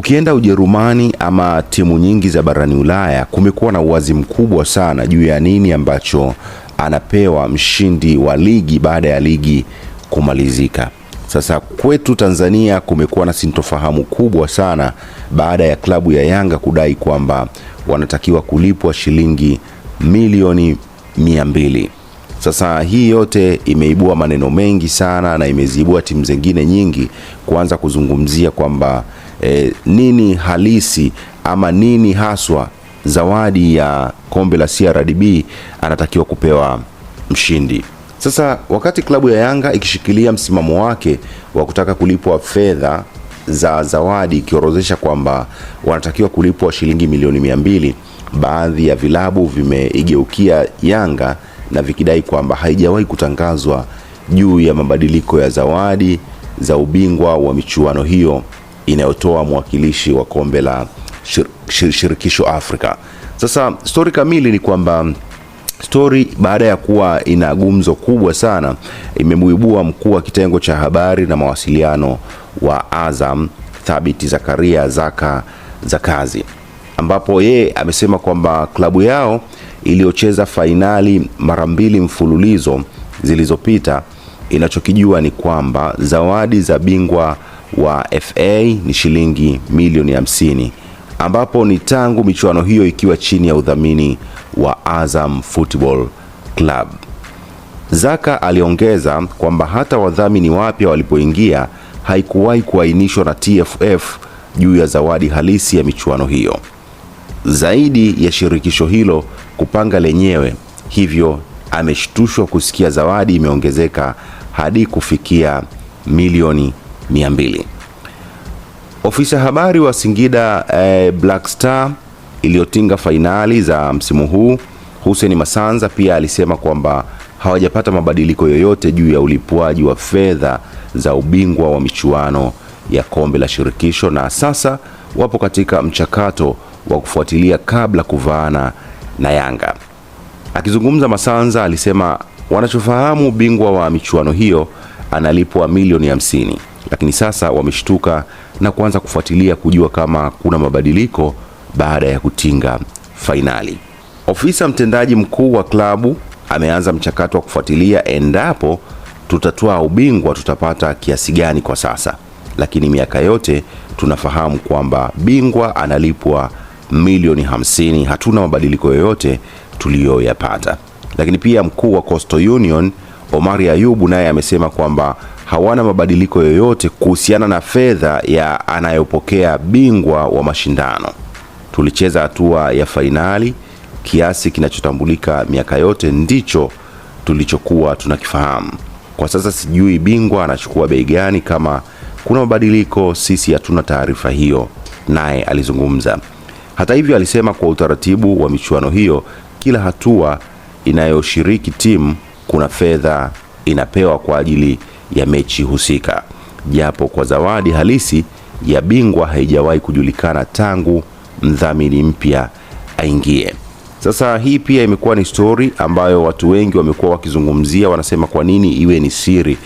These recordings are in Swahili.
Ukienda Ujerumani ama timu nyingi za barani Ulaya, kumekuwa na uwazi mkubwa sana juu ya nini ambacho anapewa mshindi wa ligi baada ya ligi kumalizika. Sasa kwetu Tanzania kumekuwa na sintofahamu kubwa sana baada ya klabu ya Yanga kudai kwamba wanatakiwa kulipwa shilingi milioni mia mbili. Sasa hii yote imeibua maneno mengi sana na imeziibua timu zingine nyingi kuanza kuzungumzia kwamba e, nini halisi ama nini haswa zawadi ya kombe la CRDB anatakiwa kupewa mshindi. Sasa wakati klabu ya Yanga ikishikilia msimamo wake wa kutaka kulipwa fedha za zawadi ikiorodhesha kwamba wanatakiwa kulipwa shilingi milioni mia mbili, baadhi ya vilabu vimeigeukia Yanga na vikidai kwamba haijawahi kutangazwa juu ya mabadiliko ya zawadi za ubingwa wa michuano hiyo inayotoa mwakilishi wa kombe la shir, shir, shirikisho Afrika. Sasa stori kamili ni kwamba stori baada ya kuwa ina gumzo kubwa sana imemuibua mkuu wa kitengo cha habari na mawasiliano wa Azam Thabiti Zakaria Zaka kazi ambapo yeye amesema kwamba klabu yao iliyocheza fainali mara mbili mfululizo zilizopita inachokijua ni kwamba zawadi za bingwa wa FA ni shilingi milioni 50 ambapo ni tangu michuano hiyo ikiwa chini ya udhamini wa Azam Football Club. Zaka aliongeza kwamba hata wadhamini wapya walipoingia haikuwahi kuainishwa na TFF juu ya zawadi halisi ya michuano hiyo, zaidi ya shirikisho hilo kupanga lenyewe. Hivyo ameshtushwa kusikia zawadi imeongezeka hadi kufikia milioni 200. Ofisa habari wa Singida eh, Black Star iliyotinga fainali za msimu huu Hussein Masanza pia alisema kwamba hawajapata mabadiliko yoyote juu ya ulipwaji wa fedha za ubingwa wa michuano ya kombe la shirikisho na sasa wapo katika mchakato wa kufuatilia kabla kuvaana na Yanga. Akizungumza, Masanza alisema wanachofahamu bingwa wa michuano hiyo analipwa milioni hamsini lakini sasa wameshtuka na kuanza kufuatilia kujua kama kuna mabadiliko baada ya kutinga fainali. Ofisa mtendaji mkuu wa klabu ameanza mchakato wa kufuatilia endapo tutatwaa ubingwa tutapata kiasi gani kwa sasa, lakini miaka yote tunafahamu kwamba bingwa analipwa milioni hamsini. Hatuna mabadiliko yoyote tuliyoyapata. Lakini pia mkuu wa Coastal Union Omari Ayubu naye amesema kwamba hawana mabadiliko yoyote kuhusiana na fedha ya anayopokea bingwa wa mashindano. Tulicheza hatua ya fainali, kiasi kinachotambulika miaka yote ndicho tulichokuwa tunakifahamu. Kwa sasa sijui bingwa anachukua bei gani, kama kuna mabadiliko, sisi hatuna taarifa hiyo, naye alizungumza. Hata hivyo, alisema kwa utaratibu wa michuano hiyo, kila hatua inayoshiriki timu kuna fedha inapewa kwa ajili ya mechi husika, japo kwa zawadi halisi ya bingwa haijawahi kujulikana tangu mdhamini mpya aingie. Sasa hii pia imekuwa ni stori ambayo watu wengi wamekuwa wakizungumzia, wanasema kwa nini iwe ni siri?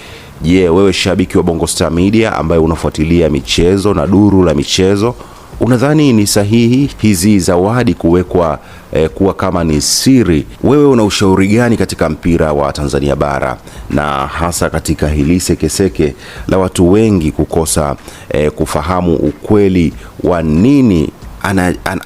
Je, wewe shabiki wa Bongo Star Media ambaye unafuatilia michezo na duru la michezo Unadhani ni sahihi hizi zawadi kuwekwa eh, kuwa kama ni siri? Wewe una ushauri gani katika mpira wa Tanzania bara na hasa katika hili sekeseke la watu wengi kukosa eh, kufahamu ukweli wa nini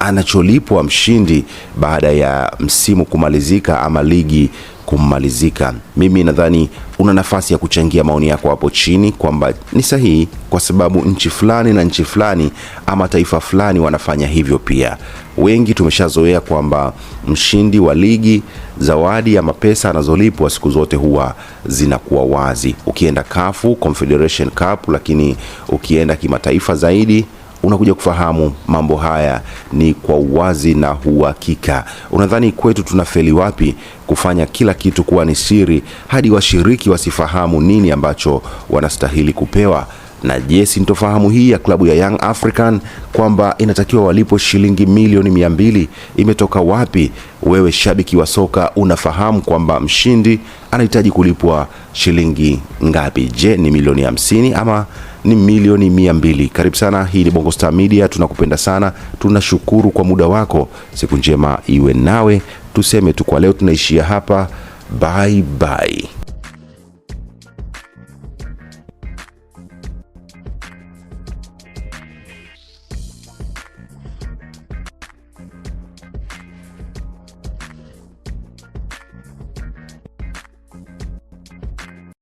anacholipwa mshindi baada ya msimu kumalizika ama ligi kumalizika. Mimi nadhani una nafasi ya kuchangia maoni yako hapo chini kwamba ni sahihi kwa sababu nchi fulani na nchi fulani ama taifa fulani wanafanya hivyo pia. Wengi tumeshazoea kwamba mshindi wa ligi zawadi ama pesa anazolipwa siku zote huwa zinakuwa wazi, ukienda CAF Confederation Cup, lakini ukienda kimataifa zaidi unakuja kufahamu mambo haya ni kwa uwazi na uhakika. Unadhani kwetu tunafeli wapi kufanya kila kitu kuwa ni siri hadi washiriki wasifahamu nini ambacho wanastahili kupewa? na je, sintofahamu hii ya klabu ya Young African kwamba inatakiwa walipo shilingi milioni mia mbili imetoka wapi? Wewe shabiki wa soka unafahamu kwamba mshindi anahitaji kulipwa shilingi ngapi? Je, ni milioni hamsini ama ni milioni mia mbili? Karibu sana, hii ni Bongo Star Media, tunakupenda sana, tunashukuru kwa muda wako. Siku njema iwe nawe, tuseme tu kwa leo tunaishia hapa. Bye, bye.